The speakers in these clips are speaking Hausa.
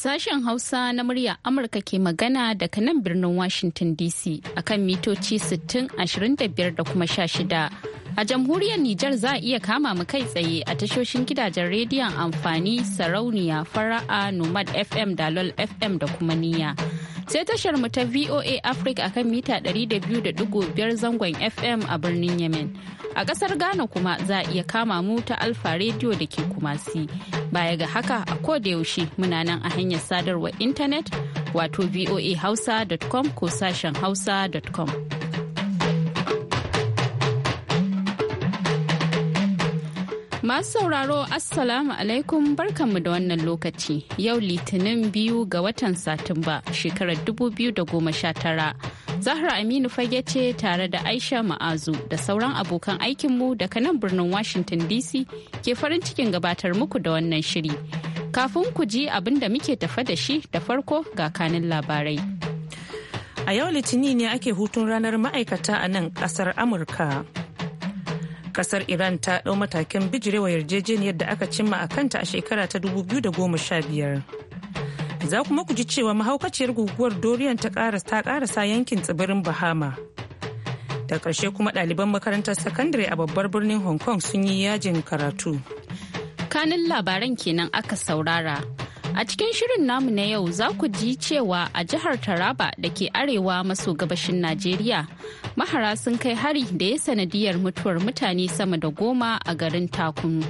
Sashen Hausa na murya Amurka ke magana daga nan birnin Washington DC a kan mitoci 60, da kuma sha shida, A jamhuriyar Nijar za a iya kama mu kai tsaye a tashoshin gidajen rediyon amfani sarauniya fara'a Nomad FM da LOL FM da kuma niyya. sai tashar mu ta VOA Africa akan mita 200.5 zangon FM a birnin Yemen. A ƙasar Ghana kuma za a iya kama mu ta Alfa Radio da ke Kumasi. Baya ga haka a yaushe muna nan a hanyar sadarwar intanet wato voahausa.com ko sashen hausa.com. Masu sauraro Assalamu alaikum barkanmu da wannan lokaci yau litinin biyu ga watan Satumba shekarar 2019. Zahra Aminu fage ce tare da Aisha Ma'azu da sauran abokan aikinmu daga nan birnin Washington DC ke farin cikin gabatar muku da wannan shiri. Kafin ku ji abin da muke tafa da shi da farko ga kanin labarai. A yau litini ne ake hutun ranar ma'aikata a nan ƙasar Amurka. kasar iran ta ɗau matakin bijirewa yarjejeniyar da aka cimma a kanta a shekara ta 2015 za kuma ku ji cewa mahaukaciyar guguwar dorian ta karasa yankin tsibirin bahama da ƙarshe kuma ɗaliban makarantar sakandare a babbar birnin hong kong sun yi yajin karatu kanin labaran kenan aka saurara A cikin shirin namu na yau za ku ji cewa a jihar Taraba da ke arewa maso gabashin Najeriya, mahara sun kai hari da ya sanadiyar mutuwar mutane sama da goma a garin Takun.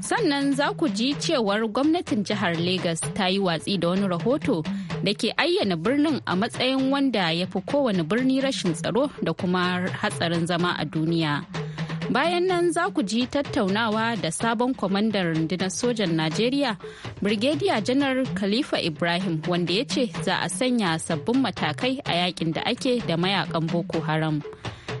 Sannan za ku ji cewar gwamnatin jihar Legas ta yi watsi da wani rahoto da ke ayyana birnin a matsayin wanda ya fi kowane birni rashin tsaro da kuma hatsarin zama a duniya. Bayan nan za ku ji tattaunawa da sabon kwamandan rundunar sojan Najeriya, Brigadier Janar Khalifa Ibrahim wanda ya ce za a sanya sabbin matakai a yakin da ake da mayakan Boko Haram.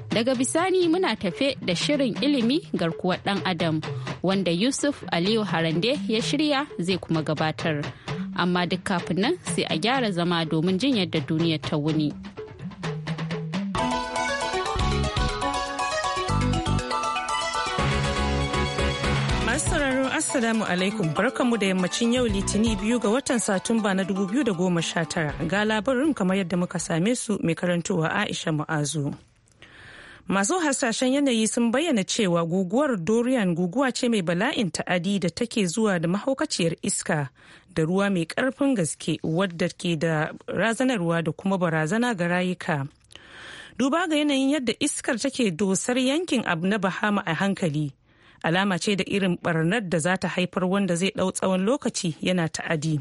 Daga bisani muna tafe da shirin ilimi garkuwar ɗan Adam wanda Yusuf Aliyu Harande ya shirya zai kuma gabatar. Amma duk kafin nan sai a gyara zama domin jin yadda duniyar ta wuni. Assalamu alaikum barkanmu da yammacin yau litini biyu ga watan Satumba na 2019 ga labarin kamar yadda muka same su mai karantowa Aisha Mu'azu. Masu hasashen yanayi sun bayyana cewa guguwar Dorian guguwa ce mai bala'in ta'adi da take zuwa da mahaukaciyar iska da ruwa mai karfin gaske wadda ke da razanarwa da kuma barazana ga rayuka. Duba ga yanayin yadda iskar take dosar yankin abu na Bahama a hankali. alama ce da irin barnar da za ta haifar wanda zai ɗau tsawon lokaci yana ta'adi.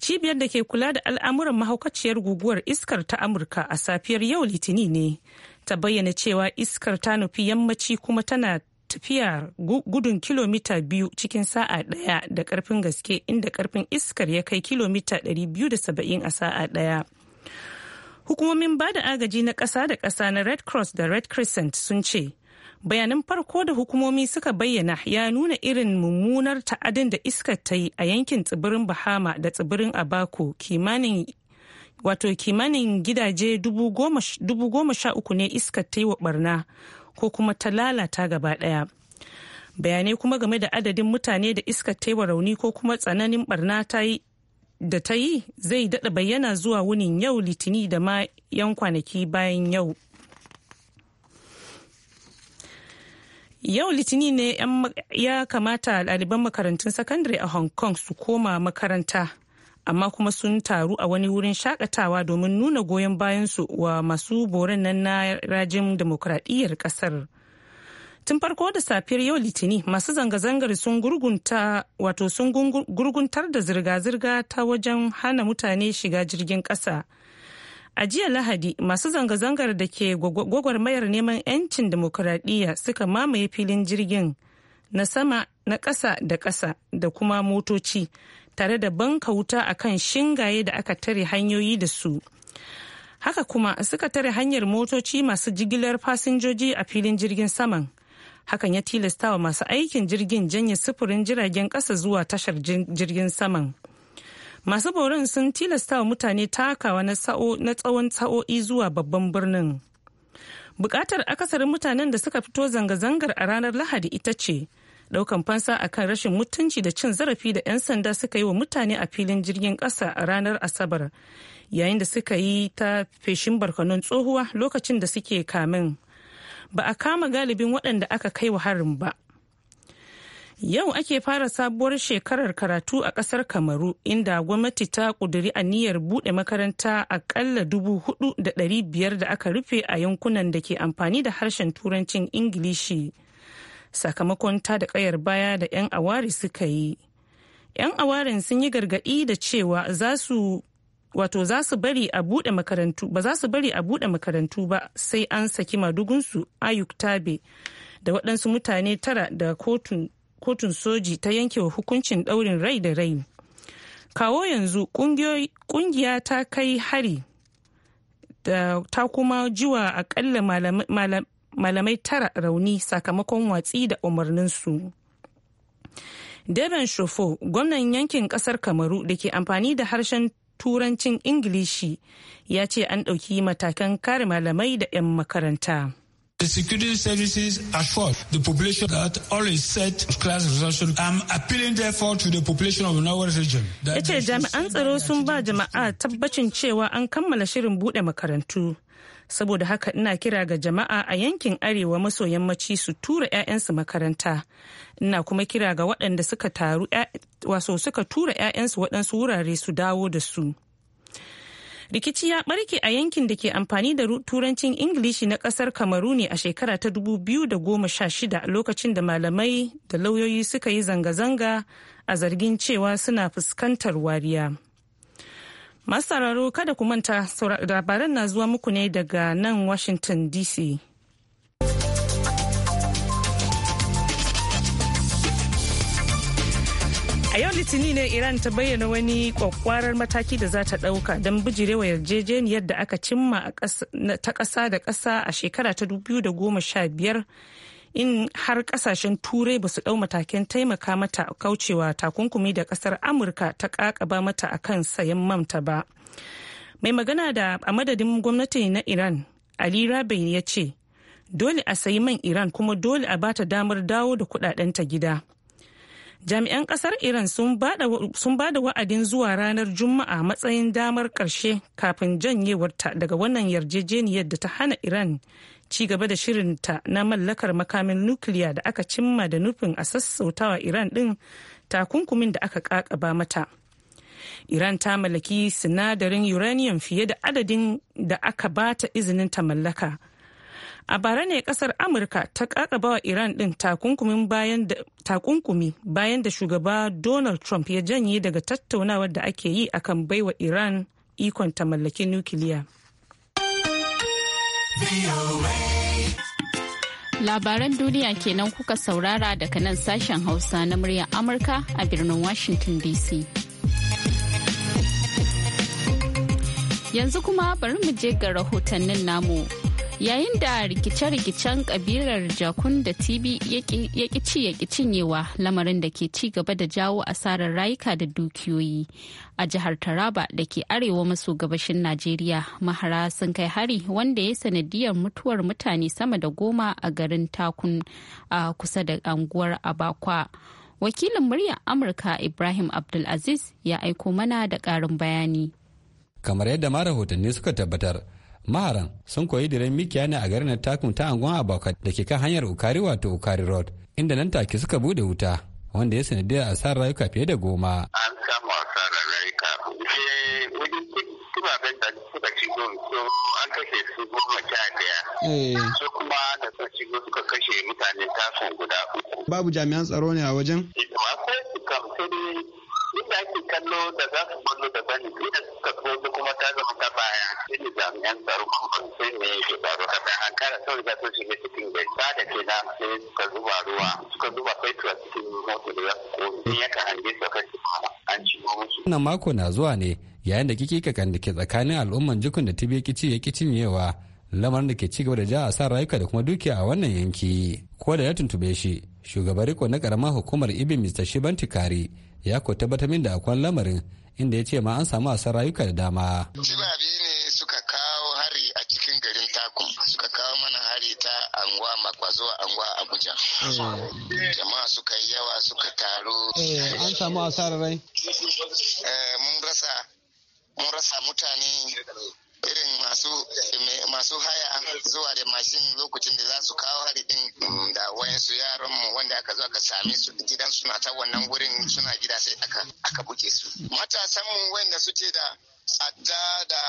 Cibiyar da ke kula da al'amuran mahaukaciyar guguwar iskar ta Amurka a safiyar yau Litini ne ta bayyana cewa iskar ta nufi yammaci kuma tana tafiya gudun kilomita biyu cikin sa'a daya da karfin gaske inda karfin iskar ya kai kilomita 270 a sa'a daya. Hukumomin bada agaji na kasa da kasa na Red Cross da Red Crescent sun ce bayanan farko da hukumomi suka bayyana ya nuna irin mummunar ta'adin da iskar ta yi a yankin tsibirin bahama da tsibirin abako kimanin wato kimanin gidaje dubu goma sha uku ne iskar ta yi wa barna ko kuma ta lalata gaba daya bayanai kuma game da adadin mutane da iskar ta yi wa rauni ko kuma tsananin barna ta yi da ta yi zai dada bayyana zuwa wunin yau litini da ma yan kwanaki bayan yau yau litini ne ya kamata ɗaliban makarantun sakandare a hong kong su koma makaranta amma kuma sun taru a wani wurin shakatawa domin nuna goyon bayansu wa masu boran nan na rajin demokradiyyar kasar tun farko da safiyar yau litini masu zanga-zangar sun gurgunta wato sun gurguntar da zirga-zirga ta wajen hana mutane shiga jirgin kasa A jiya Lahadi masu zanga-zangar da ke gwagwarmayar neman 'yancin demokuraɗiyya suka mamaye filin jirgin na sama na ƙasa da ƙasa da kuma motoci tare da banka wuta a kan shingaye da aka tare hanyoyi da su. Haka kuma suka tare hanyar motoci masu jigilar fasinjoji a filin jirgin saman. Hakan ya tilastawa masu aikin jirgin janye sufurin jiragen ƙasa zuwa tashar jirgin saman. masu borin sun tilasta wa mutane takawa na tsawon sa'o'i zuwa babban birnin bukatar akasarin mutanen da suka fito zanga-zangar a ranar lahadi ita ce daukan fansa akan rashin mutunci da cin zarafi da 'yan sanda suka yi wa mutane a filin jirgin kasa a ranar asabar yayin da suka yi ta feshin barkonon tsohuwa lokacin da suke kamin ba a kama galibin waɗanda aka kai wa harin ba Yau ake fara sabuwar shekarar karatu a kasar Kamaru inda gwamnati ta kuduri aniyar buɗe makaranta akalla dubu hudu da ɗari biyar da aka rufe a yankunan da ke amfani da harshen turancin Ingilishi. Sakamakon ta da ƙayar baya da 'yan awari suka yi. 'Yan awarin sun yi gargaɗi da cewa za su wato za su bari a buɗe makarantu ba za su bari a bude makarantu ba sai an saki madugunsu ayuk tabe da waɗansu mutane tara da kotun kotun soji ta yanke wa hukuncin daurin rai da rai kawo yanzu kungiya ta kai hari da ta kuma jiwa akalla malamai tara rauni sakamakon watsi da umarninsu Deben Shofo, gwamnan yankin kasar Kamaru da ke amfani da harshen Turancin Ingilishi, ya ce an ɗauki matakan kare malamai da 'yan makaranta. The security services assured the population that all is set class resolution. I'm um, appealing therefore to the population of Norway region. Ya ce jami'an tsaro sun ba jama'a tabbacin cewa an kammala shirin bude makarantu. Saboda haka ina kira ga jama'a a yankin arewa maso yammaci su tura 'ya'yansu makaranta. Ina kuma kira ga waɗanda suka taru waso suka tura 'ya'yansu waɗansu wurare su dawo da su. rikici ya barke a yankin da ke amfani da turancin ingilishi na kasar kamaru ne a shekara ta 2016 lokacin da malamai da lauyoyi suka yi zanga-zanga a zargin cewa suna fuskantar wariya masu sauraro kada ku manta labaran na zuwa muku ne daga nan washington dc yau Litinin ne Iran ta bayyana wani kwakwarar mataki da za ta ɗauka don bijirewa yarjejeniyar da aka cimma ta kasa da kasa a shekara ta 2015 in har kasashen turai ba su ɗau matakin taimaka mata kaucewa takunkumi da kasar Amurka ta ƙaƙaba mata a kan sayan mamta ba. Mai magana da a madadin gwamnati na Iran, Ali Rabin ya ce, dole a sayi man Iran kuma dole a bata damar dawo da ta gida. jami'an kasar iran sun ba da wa'adin zuwa ranar juma'a matsayin damar karshe kafin janyewarta daga wannan yarjejeniyar da ta hana iran ci gaba da shirinta na mallakar makamin nukiliya da aka cimma da nufin a sassautawa iran din takunkumin da aka kakaba mata iran ta mallaki sinadarin uranium fiye da adadin da aka bata izinin ta mallaka a bara ne kasar amurka ta kakaba wa iran din takunkumi bayan da shugaba donald trump ya janye daga tattaunawar da ake yi akan baiwa iran ikon ta mallaki nukiliya labaran duniya kenan kuka saurara daga nan sashen hausa na muryar amurka a birnin washington dc yanzu kuma bari mu je ga rahotannin namu yayin da rikice-rikicen kabilar jakun da TV ya ci ya cinyewa lamarin da ke ci gaba da jawo asarar rayuka da dukiyoyi a jihar taraba da ke arewa maso gabashin najeriya mahara sun kai hari wanda ya sanadiyar mutuwar mutane sama da goma a garin takun a kusa da anguwar abakwa wakilin muryar amurka ibrahim abdulaziz ya aiko mana da karin bayani kamar yadda ma rahotanni suka tabbatar maharan sun koyi diren mikiya ne a garin takum ta angon abokat da ke kan hanyar ukari wato ukari road inda nan take suka bude wuta wanda ya sanadiyar asar rayuka fiye da goma an samu asarar rayuka wajen tubaben da suka shigo an kashe su goma sha daya eh. su kuma da suka shigo suka kashe mutane tasun guda uku babu jami'an tsaro ne a wajen eh, akwai su kam inda ake kallo da za su ballo da bani idan suka tsoji kuma ta zama ta baya shine jami'an tsaro kuma sai ne ke faru haka an kara sauri da sun shiga cikin gari ba da ke nan sai suka zuba ruwa suka zuba fetur a cikin motar da ya ne ya ka hange su kan an ci musu. wannan mako na zuwa ne yayin da kike da ke tsakanin al'umman jikun da tibe kici ya ki cinyewa lamarin da ke ci gaba da ja a sa rayuka da kuma dukiya a wannan yanki ko da ya tuntube shi shugaban riko na karamar hukumar ibi mr shibantikari ya ko tabbatar da akwai lamarin inda ya ce ma an samu asar rayuka da dama. Jibabi ne suka kawo hari a cikin garin Taku, suka kawo mana hari ta anguwa makwazo anguwa abuja. Eh. Jama'a suka yi yawa suka taru. Eh, an samu asarar rai? Eh, mun rasa mutane irin masu haya zuwa da mashin lokacin da za su kawo hari din mm, da wayansu yaran mu wanda aka zo aka same su gidan suna ta wannan wurin suna gida sai aka aka buke su matasan mu wanda suke da adda da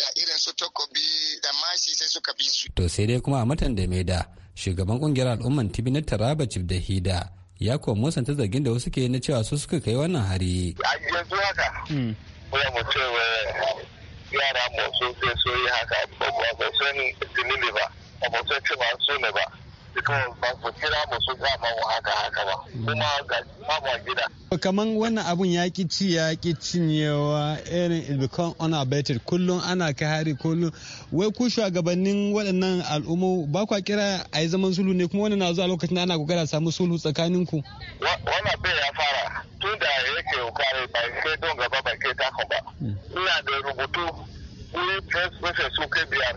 da irin su takobi da mashi sai suka bi su to sai dai kuma a matan da mai da shugaban kungiyar al'umman tibi na taraba da hida ya kuwa ta zargin da wasu ke na cewa su suka kai wannan hari yanzu haka hmm. mu yara masu sai so yi haka ba san dalili ba ba san ba su ne ba ba su kira mu su gama haka haka ba kuma ga babu gida kaman wannan abun ya ki ci ya ki cinyewa irin it become unabated kullum ana kai hari kullum wai ku shugabannin waɗannan al'umma ba kwa kira a yi zaman sulhu ne kuma wannan na zuwa lokacin da ana kokarin samu sulhu tsakaninku wannan bai ya fara tun da yake kare ba sai don gaba kai biyar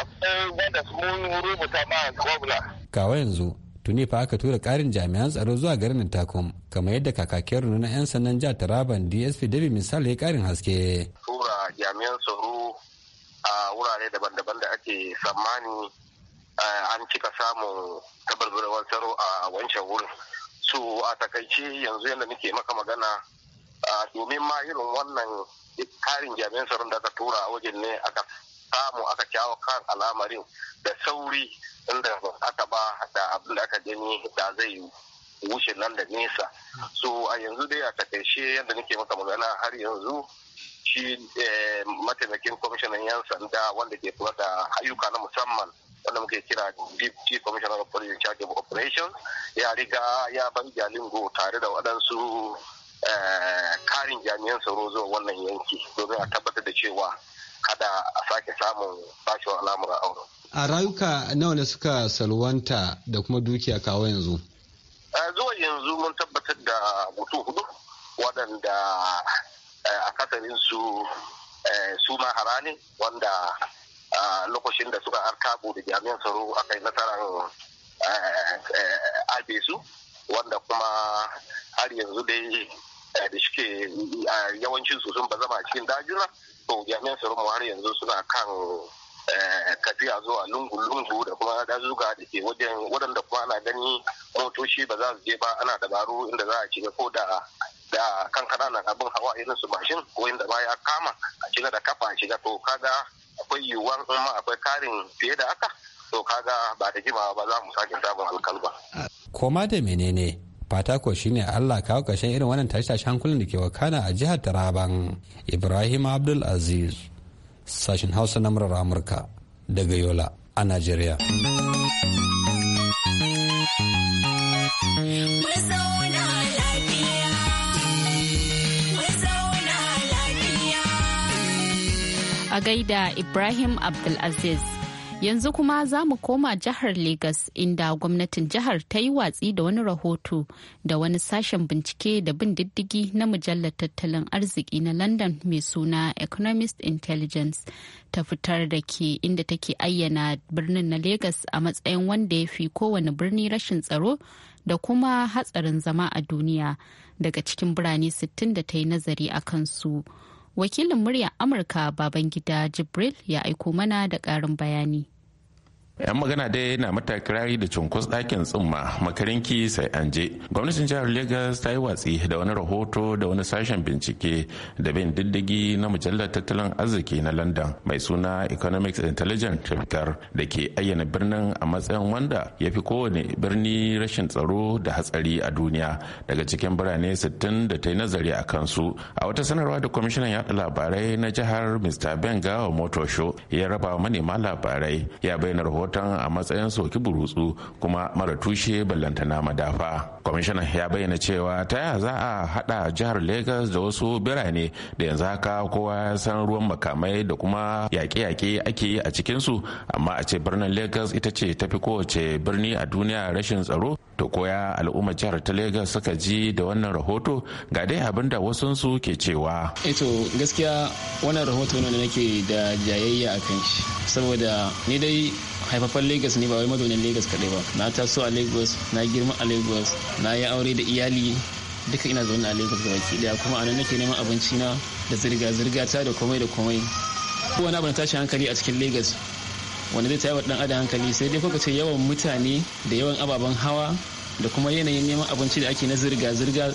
akwai wanda mun rubuta ma gwamna. kawa yanzu tuni fa aka tura karin jami'an tsaro zuwa garin takum kamar yadda kakakin nuna 'yan ja jihar taraban dsp david misali ya karin haske tura jami'an tsaro a wurare daban-daban da ake tsammani eh, an cika samun tabarbarewar tsaro a wancan wurin su a takaice yanzu yadda muke maka magana eh, domin ma irin wannan karin jami'an tsaron da aka tura a wajen ne aka samu aka kyawo kan al'amarin da sauri inda aka ba da abin da aka gani da zai yi wuce nan da nesa so a yanzu dai a takaice yadda nake maka magana har yanzu shi eh, mataimakin kwamishinan yan sanda wanda ke kula da ayyuka na musamman wanda muke kira chief commissioner of police charge of operations ya riga ya bar jalingo tare da waɗansu eh, karin jami'an tsaro zuwa wannan yanki domin a tabbatar da cewa kada a sake samun bashin al'amuran auren. a rayuka nawa ne suka salwanta da kuma dukiya kawo yanzu zuwa yanzu mun tabbatar da mutu hudu waɗanda eh, kasarin su eh, su ma harani wanda lokacin da suka kabo da jami'an tsaro aka yi nasarar eh, abesu su wanda kuma har yanzu dai da suke yawancin su sun ba zama cikin dajuna to jami'an tsaron mu har yanzu suna kan eh, tafiya zuwa lungu-lungu da kuma dazuka da ke wajen waɗanda kuma ana gani motoci ba za su je ba ana dabaru inda za a shiga ko da da kan kananan abin hawa irin su mashin ko inda ba ya kama a shiga da kafa a shiga to kaga akwai yiwuwar in ma akwai karin fiye da haka to kaga ba da jimawa ba za mu sake samun alkalba. Koma da menene fata ko shine Allah kawo kashin irin wannan tashi tashe hankulan da ke wakana a jihar Taraban Ibrahim Abdul Aziz sashin Hausa na murar Amurka daga Yola a Najeriya. A gaida Ibrahim Abdulaziz. Yanzu kuma za mu koma jihar Legas inda gwamnatin jihar ta yi watsi da wani rahoto da wani sashen bincike da bin diddigi na mujallar tattalin arziki na London mai suna Economist Intelligence ta fitar da ke inda take ayyana birnin na Legas a matsayin wanda ya fi kowane birni rashin tsaro da kuma hatsarin zama a duniya daga cikin birane 60 da ta yi nazari a kansu. Wakilin muryar Amurka Babangida Jibril ya aiko mana da ƙarin bayani. yan magana dai na mata kirari da cunkus ɗakin tsumma makarinki sai an je gwamnatin jihar lagos ta yi watsi da wani rahoto da wani sashen bincike da bin diddigi na mujallar tattalin arziki na london mai suna economics intelligence fitar da ke ayyana birnin a matsayin wanda ya fi kowane birni rashin tsaro da hatsari a duniya daga cikin birane 60 da ta yi nazari a kansu a wata sanarwa da kwamishinan yada labarai na jihar mr Ben benga motosho ya raba manema labarai ya bayyana rahoton rahoton a matsayin soki burutsu kuma mara tushe ballantana madafa kwamishinan ya bayyana cewa ta yaya za a hada jihar lagos da wasu birane da yanzu haka kowa ya san ruwan makamai da kuma yaƙe-yaƙe ake yi a cikinsu amma a ce birnin lagos ita ce tafi kowace birni a duniya rashin tsaro to koya al'ummar jihar ta lagos suka ji da wannan rahoto ga dai abin da wasunsu ke cewa eto eh gaskiya wannan rahoto ne da nake da jayayya a kan shi saboda ni dai haifafan lagos ne ba wai mazaunin lagos kaɗai ba na taso a lagos na girma a lagos na yi aure da iyali duka ina zaune a lagos gabaki daya kuma a nan nake neman abinci na da zirga-zirga ta da komai da komai ko wani abu na tashi hankali a cikin lagos wanda zai tayar ɗan adam hankali sai dai kuka ce yawan mutane da yawan ababen hawa da kuma yanayin neman abinci da ake na zirga-zirga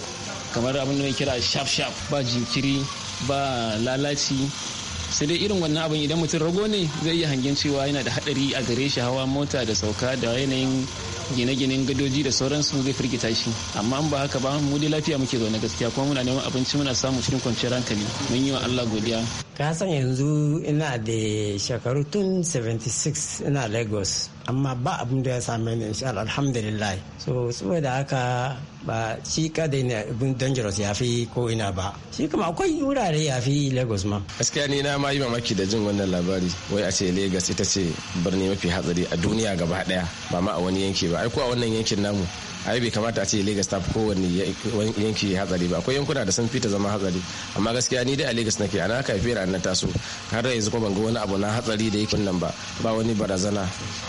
kamar abin da mai kira sharp sharp ba jinkiri ba lalaci sai dai irin wannan abin idan mutum rago ne zai iya hangen cewa yana da hadari a gare shi hawa mota da sauka da yanayin gine-ginen gadoji da sauransu zai firgita shi amma an ba haka ba mu dai lafiya muke zaune gaskiya kuma muna neman abinci muna samu cikin kwanciyar hankali mun yi wa Allah godiya ka san yanzu ina da shekaru tun 76 ina Lagos amma ba abin da ya same ni insha Allah alhamdulillah so saboda haka ba shi kadai ne abin dangerous ya fi ko ina ba shi kuma akwai wurare ya fi lagos ma gaskiya ne na ma yi mamaki da jin wannan labari wai a ce lagos ita ce birni mafi hatsari a duniya gaba daya ba ma a wani yanki ba ai ko a wannan yankin namu ai bai kamata a ce Lagos ta kowanne yanki hatsari ba akwai yankuna da sun fita zama hatsari amma gaskiya ni dai a Lagos nake ana haka fiye na taso har da yanzu kuma ban ga wani abu na hatsari da yake nan ba ba wani barazana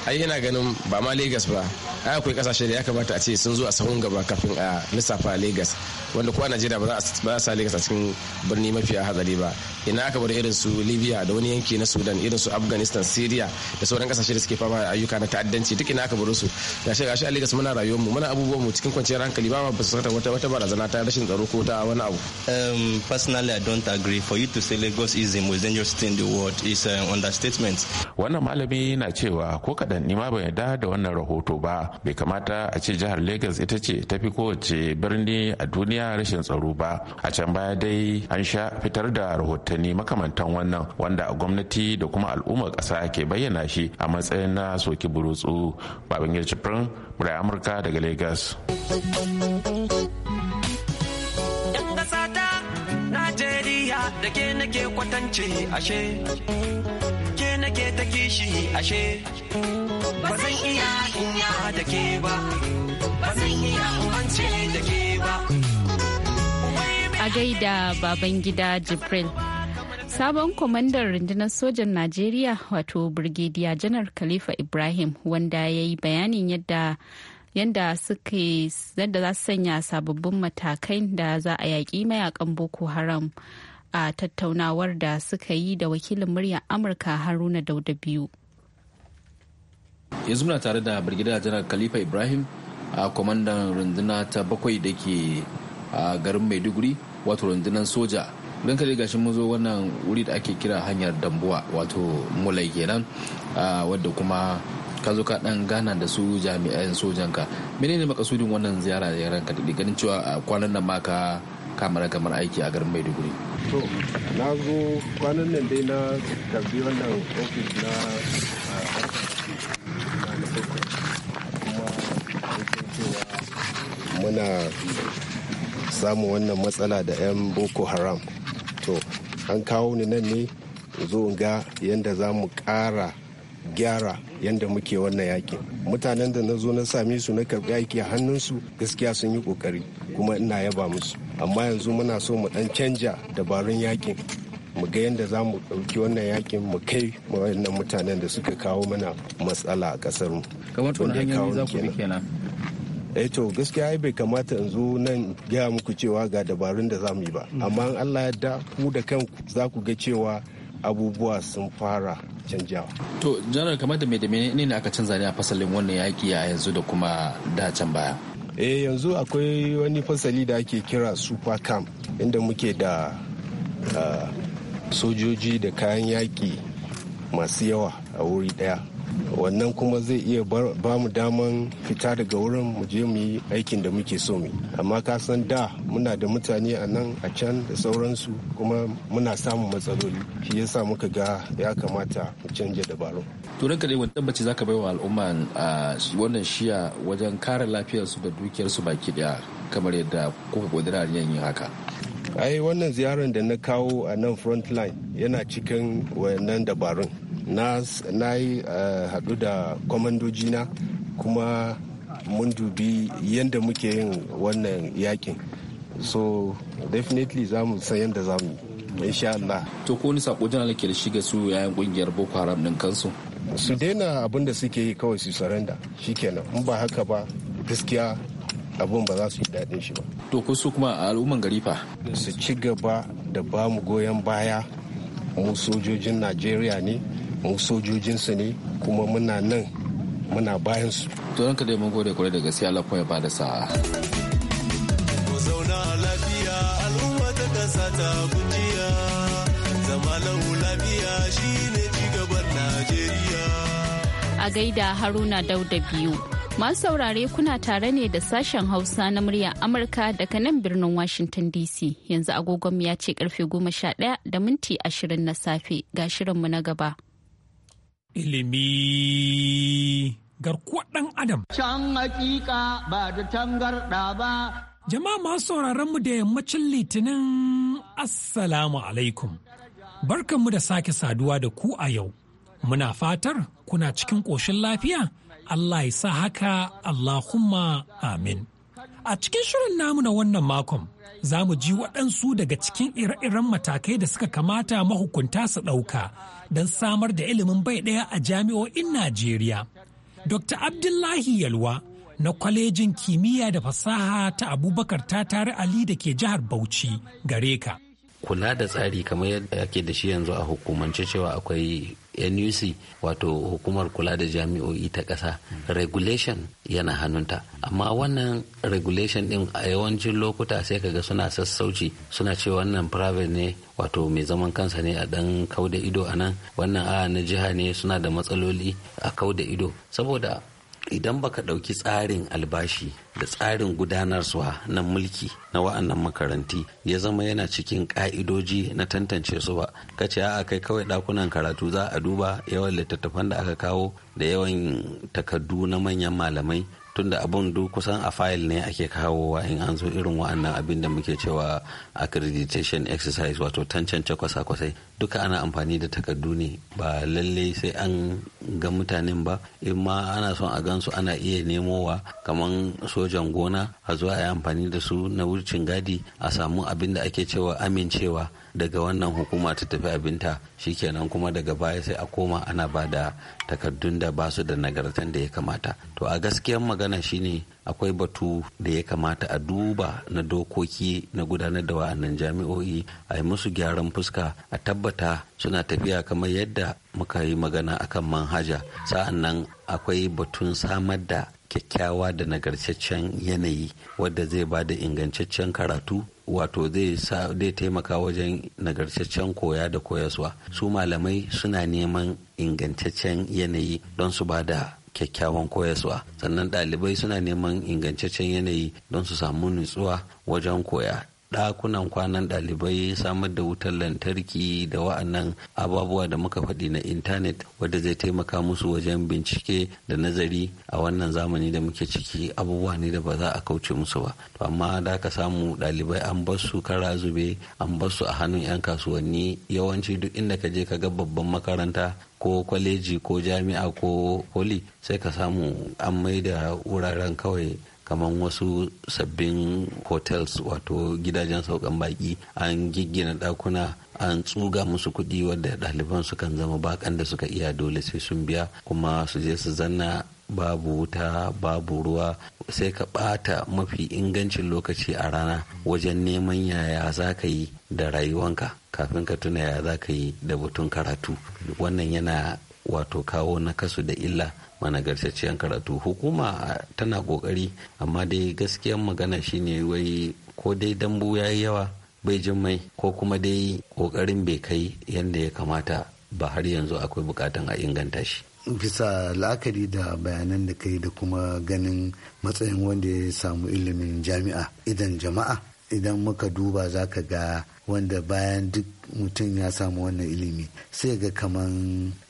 ai ina ganin ba ma Lagos ba ai akwai kasashe da ya kamata a ce sun zo a sahun gaba kafin a lissafa Lagos wanda ko a Najeriya ba za a sa Lagos a cikin birni mafi hatsari ba ina aka bar irin su Libya da wani yanki na Sudan irin su Afghanistan Syria da sauran kasashe da suke fama da ayyuka na ta'addanci duk ina aka bar su gashi gashi a Lagos muna rayuwar mu muna abubuwa abubuwan mu cikin kwanciyar hankali ba ma fuskantar wata wata barazana ta rashin tsaro ko ta wani abu um personally i don't agree for you to say lagos is the most dangerous city in the world is an understatement wannan malami na cewa ko kadan ni ma ban yarda da wannan rahoto ba bai kamata a ce jihar lagos ita ce ta fi kowace birni a duniya rashin tsaro ba a can baya dai an sha fitar da rahotanni makamantan wannan wanda gwamnati da kuma al'ummar ƙasa ke bayyana shi a matsayin na soki burutsu babangir cifrin murai amurka daga lagos Legas. ‘Yan ƙasa ta Najeriya da ke nake kwatance ashe, ke nake ta kishi ashe, ba zan iya inya da ke ba, ba zan iya umance da ke ba. A gaida baban Jibril. Sabon kwamandan rundunar sojan Najeriya wato Birgediya janar Khalifa Ibrahim wanda ya yi bayanin yadda yadda suke yadda za su sanya sababbin matakai da za a yaƙi mayakan boko haram a tattaunawar da suka yi da wakilin muryar amurka haruna dauda biyu yanzu muna tare da birgida janar khalifa ibrahim a kwamandan runduna ta bakwai da ke a garin maiduguri wato rundunar soja don kare gashin mun wannan wuri da ake kira hanyar dambuwa wato mulai kenan wadda kuma ka zo ka dan gana da su jami'an sojanka ka menene makasudin wannan ziyara da ka da ganin cewa a kwanan nan ma ka kamar kamar aiki a garin maiduguri to na zo kwanan nan dai na karbi wannan ofis na muna samun wannan matsala da 'yan boko haram to an kawo ni nan ne zo ga yadda za mu ƙara gyara yadda muke wannan yaki mutanen da na zo na same su na karɓi aiki a hannunsu gaskiya sun yi ƙoƙari kuma ina yaba musu amma yanzu muna so mu ɗan canja dabarun yakin mu ga yadda za mu ɗauki wannan yakin mu kai wannan mutanen da suka kawo mana matsala a ƙasar mu. kamar za ku bi kenan. Eh gaskiya bai kamata in zo nan gaya muku cewa ga dabarun da za mu yi ba hmm. amma Allah ya da ku da kanku za ku ga cewa abubuwa sun fara canjawa. To, janar kamar da mai da ne ne aka canza ne a fasalin wannan yaƙi a yanzu da kuma da can baya? Eh yanzu akwai wani fasali da ake kira super camp inda muke da ah, sojoji da kayan yaƙi masu yawa a wuri ɗaya. wannan kuma zai iya ba mu daman fita daga wurin mu je mu yi aikin da muke so mu amma ka san da muna da mutane a nan a can da sauransu kuma muna samun matsaloli shi yasa muka ga ya kamata mu canja dabaru to ranka dai wani tabbaci zaka bai wa al'umma wannan shiya wajen kare lafiyarsu da dukiyarsu baki daya kamar yadda kuka yan yin haka ai wannan ziyarar da na kawo a nan frontline yana cikin wannan dabarun na yi eh, haɗu da kwamandojina kuma mun dubi yadda muke yin wannan yakin so definitely za mu san yadda za mu insha Allah. To ko wani sako jana ke da shi ga su yayin kungiyar Boko Haram din kansu? Su daina abin da suke yi kawai su saranda shikenan in ba haka ba gaskiya abun ba za su yi daɗin shi ba. To ko su kuma al'umman gari fa? Su ci gaba da ba mu goyon baya mu sojojin Najeriya ne, mu sojojinsu ne kuma muna nan muna bayan su. To ranka dai mun gode kwarai da gaskiya Allah kuma ya bada sa'a. Ku zauna lafiya al'umma ta ta kujiya zama lau lafiya shine cigaban Najeriya. A gaida Haruna Dauda biyu. Masu saurare kuna tare ne da sashen Hausa na murya Amurka daga nan birnin Washington DC. Yanzu agogon ya ce karfe ɗaya da minti ashirin na safe ga shirinmu na gaba. Ilimi garkuwar ɗan Adam. Can hakika ba da tangarɗa ba. Jama'a masu sauraron mu da yammacin litinin Assalamu alaikum. Barkanmu da sake saduwa da ku a yau. Muna fatar kuna cikin ƙoshin lafiya. Allah ya sa haka Allahumma amin. A cikin shirin namu na wannan makon za mu ji waɗansu daga cikin ire-iren matakai da suka kamata mahukunta su ɗauka don samar da ilimin bai ɗaya a jami'o'in Najeriya. Dr. Abdullahi Yalwa na kwalejin kimiyya da fasaha ta Abubakar ta tare Ali da ke jihar Bauchi gare ka. Kula da tsari kamar yadda ake da shi yanzu a hukumance cewa akwai nuc wato hukumar kula da jami'o'i ta ƙasa regulation yana hannunta amma wannan regulation din a yawancin lokuta sai kaga suna sassauci suna ce wannan private ne wato mai zaman kansa ne a dan kauda ido a nan wannan a na jiha ne suna da matsaloli a kauda ido saboda idan baka ɗauki tsarin albashi da tsarin gudanarwa na mulki na wa'annan makaranti ya zama yana cikin ƙa'idoji na tantance su ba kace a kai kawai ɗakunan karatu za a duba yawan littattafan da aka kawo da yawan takardu na manyan malamai tunda abin duk kusan a fayil ne ake kawowa in an zo irin wa'annan abin da muke cewa accreditation exercise wato tancance kwasa-kwasai duka ana amfani da takardu ne ba lalle sai an ga mutanen ba in ma ana son a gansu ana iya nemowa kamar sojan gona a zo a yi amfani da su na wucin gadi a samu abin da ake cewa amincewa daga wannan hukuma ta tafi abinta shikenan kuma daga baya sai a koma ana ba da takardun da ba su da nagartan da ya kamata to a gaskiyan magana shine akwai batu da ya kamata a duba na dokoki na gudanar da wa'annan jami'o'i a yi musu gyaran fuska a tabbata suna tafiya kamar yadda muka yi magana akan manhaja sa'an nan akwai batun samar da kyakkyawa da nagarcaccen yanayi wadda zai ba da ingantaccen karatu wato zai taimaka wajen nagarcaccen koya da koyaswa su malamai suna neman ingantaccen yanayi don su ba da kyakkyawan koyaswa sannan ɗalibai suna neman ingantaccen yanayi don su samu nutsuwa wajen koya ɗakunan kwanan ɗalibai samar da wutar lantarki da wa'annan ababuwa da muka faɗi na intanet wadda zai taimaka musu wajen bincike da nazari a wannan zamani da muke ciki abubuwa ne da ba za a kauce musu ba to amma da ka samu ɗalibai an bar su kara zube an bar su a hannun 'yan kasuwanni yawanci duk inda ka je ka ga babban makaranta ko kwaleji ko jami'a ko poli sai ka samu an maida wuraren kawai kamar wasu sabbin hotels wato gidajen saukan baki an giggina dakuna an tsuga musu kuɗi wadda ɗaliban sukan zama bakan da suka iya dole sai sun biya kuma su je su zanna babu wuta babu ruwa sai ka ɓata mafi ingancin lokaci a rana wajen neman yaya za ka yi da rayuwanka kafin ka tuna yaya za ka yi da batun karatu wannan yana wato kawo nakasu da illa managartacciyar karatu hukuma tana kokari amma dai gaskiyan magana shine wai ko dai dambu ya yi yawa bai jin mai ko kuma dai kokarin bai kai yadda ya kamata ba har yanzu akwai bukatan a inganta shi bisa la'akari da bayanan da kai da kuma ganin matsayin wanda ya samu ilimin jami'a idan jama'a idan muka duba za ka ga wanda bayan duk mutum ya samu wannan ilimi sai ga kaman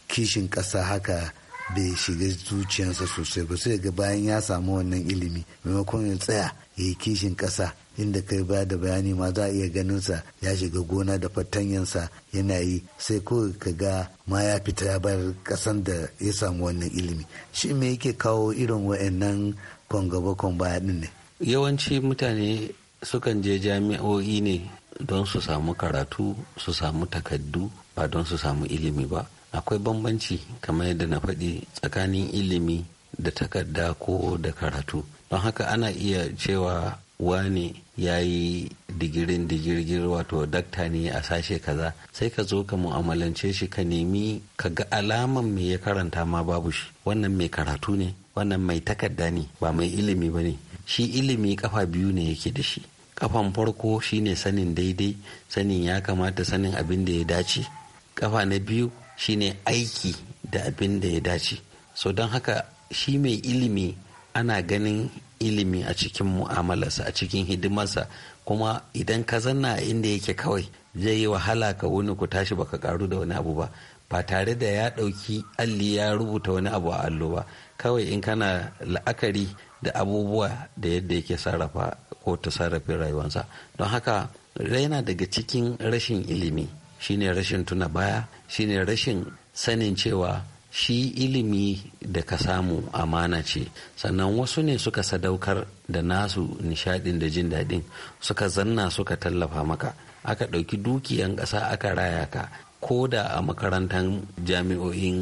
kishin ƙasa haka bai shiga zuciyarsa sosai ba sai ga bayan ya samu wannan ilimi maimakon ya tsaya ya yi kishin ƙasa inda kai ba da bayani ma za a iya ganin sa ya shiga gona da fatanyansa yana yi sai ko ka ga ma ya fita ya bar ƙasan da ya samu wannan ilimi shi me yake kawo irin wa'annan kwangaba gaba baya ɗin ne yawanci mutane sukan je jami'o'i ne don su samu karatu su samu takaddu ba don su samu ilimi ba akwai bambanci kamar yadda na faɗi tsakanin ilimi da takarda ko da karatu don haka ana iya cewa wane ya yi digirin digirgir wato dakta ne a sashe kaza sai ka zo ka mu'amalance shi ka nemi ka ga alaman mai ya karanta ma babu shi wannan mai karatu ne wannan mai takarda ne ba mai ilimi ba ne shi ilimi kafa biyu ne yake da shi kafan farko shine sanin daidai sanin ya kamata sanin abin da ya dace kafa na biyu shine aiki da abin da ya dace so don haka shi mai ilimi ana ganin ilimi a cikin mu'amalarsa a cikin hidimarsa kuma idan ka zanna a inda yake kawai zai yi wahala ka wuni ku tashi baka karu da wani abu ba ba tare da ya ɗauki alli ya rubuta wani abu a allo ba kawai in kana la'akari da abubuwa da yadda yake sarrafa ko ta sarrafin rayuwarsa don haka yana daga cikin rashin ilimi shine rashin tuna baya shine rashin sanin cewa shi ilimi da ka samu amana ce sannan wasu ne suka sadaukar da nasu nishadin da jin daɗin suka zanna suka tallafa maka aka ɗauki dukiyan ƙasa aka raya ka ko da a makarantar jami'o'in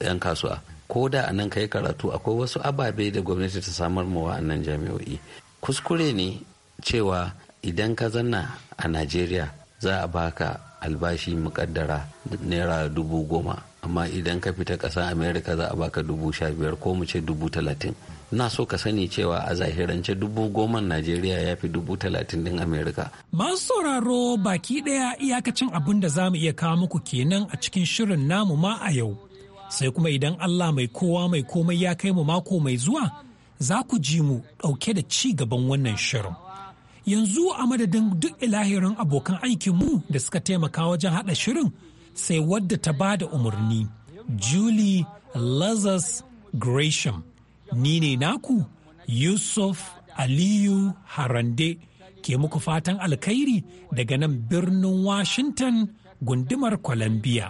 'yan kasuwa ko da a nan ka karatu akwai wasu ababe da gwamnati ta samar ma nan jami'o'i kuskure ne cewa idan ka zanna a najeriya za a baka albashi mukaddara naira dubu goma amma idan ka fita ƙasar america za a baka dubu sha biyar ko mu ce dubu talatin na so ka sani cewa a zahirance dubu goman najeriya ya fi dubu talatin din america masu sauraro baki ɗaya iyakacin abin da za mu iya kawo muku kenan a cikin shirin namu ma a yau sai kuma idan allah mai kowa mai komai ya kai mu mako mai zuwa za ku ji mu ɗauke da ci gaban wannan shirin. yanzu a madadin duk ilahirin abokan aikinmu da suka taimaka wajen haɗa shirin sai wadda ta ba da umarni julie lazarus gresham ni ne naku yusuf aliyu harande ke muku fatan alkhairi daga nan birnin washington gundumar columbia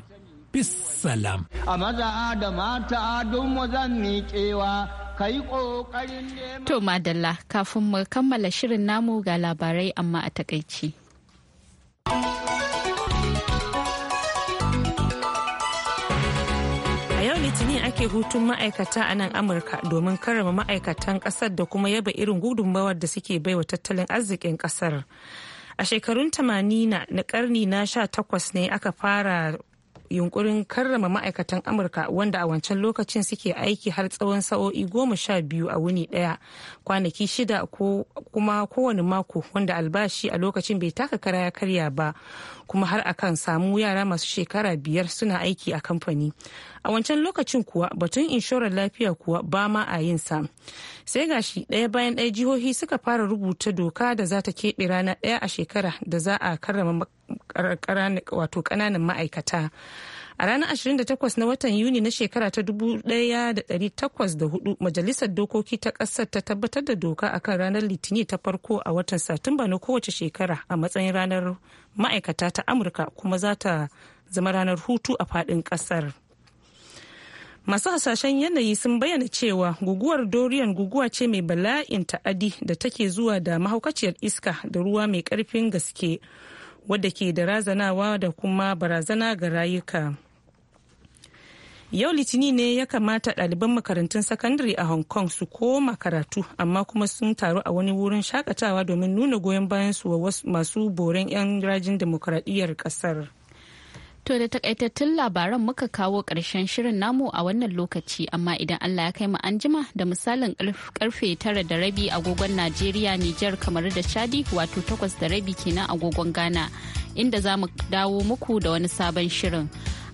bis salam a maza da mata don mu zan miƙewa To Madalla, kafin mu kammala shirin namu ga labarai amma a takaici. A yau Litinin ake hutun ma'aikata a nan Amurka domin karrama ma'aikatan kasar da kuma yaba irin gudunmawar da suke baiwa tattalin arzikin kasar a shekarun tamanina na karni na sha 18 ne aka fara yunkurin karrama ma'aikatan amurka wanda a wancan lokacin suke aiki har tsawon sa'o'i goma sha biyu a wuni daya kwanaki shida ko kuma kowane mako wanda albashi a lokacin bai taka kara ya karya ba kuma har akan samu yara masu shekara biyar suna aiki a kamfani a wancan lokacin kuwa batun inshorar lafiya kuwa ba ma a yin sa sai gashi ɗaya bayan ɗaya jihohi suka fara rubuta doka da za ta keɓe rana ɗaya a shekara da za a karrama wato ƙananan ma'aikata. A ranar 28 na watan Yuni na shekara ta 1804 Majalisar Dokoki ta ƙasar ta tabbatar da doka akan ranar Litini ta farko a watan Satumba na kowace shekara a matsayin ranar ma'aikata ta Amurka kuma za ta zama ranar hutu a faɗin ƙasar. Masu hasashen yanayi sun bayyana cewa guguwar Dorian guguwa ce mai bala'in ta'adi da take zuwa da mahaukaciyar iska da ruwa mai ƙarfin gaske. wadda ke da razanawa da kuma barazana ga rayuka. Yau Litini ne ya kamata ɗaliban makarantun sakandare a Hong Kong su koma karatu amma kuma sun taru a wani wurin shakatawa domin nuna goyon bayan su wa masu boren 'yan rajin demokuraɗiyyar ƙasar. To da takaitattun labaran muka kawo ƙarshen shirin namu a wannan lokaci amma idan Allah ya kai mu anjima da misalin karfe tara da rabi agogon Najeriya Nijar kamar da Chadi wato takwas da rabi kenan agogon Ghana inda za mu dawo muku da wani sabon shirin.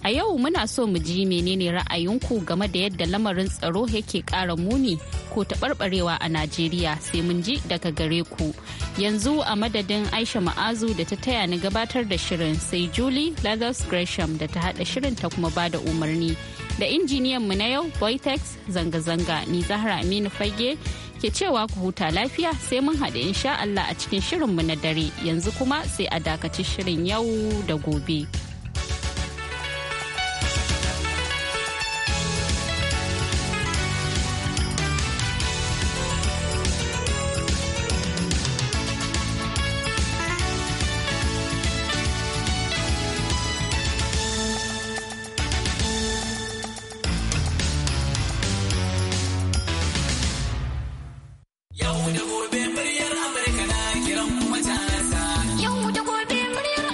A yau muna so mu ji menene ra'ayinku game da yadda lamarin tsaro yake ƙara muni ko taɓarɓarewa a Najeriya sai mun ji daga gare ku. Yanzu a madadin Aisha Ma'azu da ta taya ni gabatar da shirin sai Julie Lazarus Gresham da ta haɗa shirin ta kuma ba da umarni. Da injiniyan mu na yau Boytex zanga-zanga ni Zahra Aminu Fage ke cewa ku huta lafiya sai mun haɗu insha Allah a cikin shirin mu na dare yanzu kuma sai a dakaci shirin yau da gobe.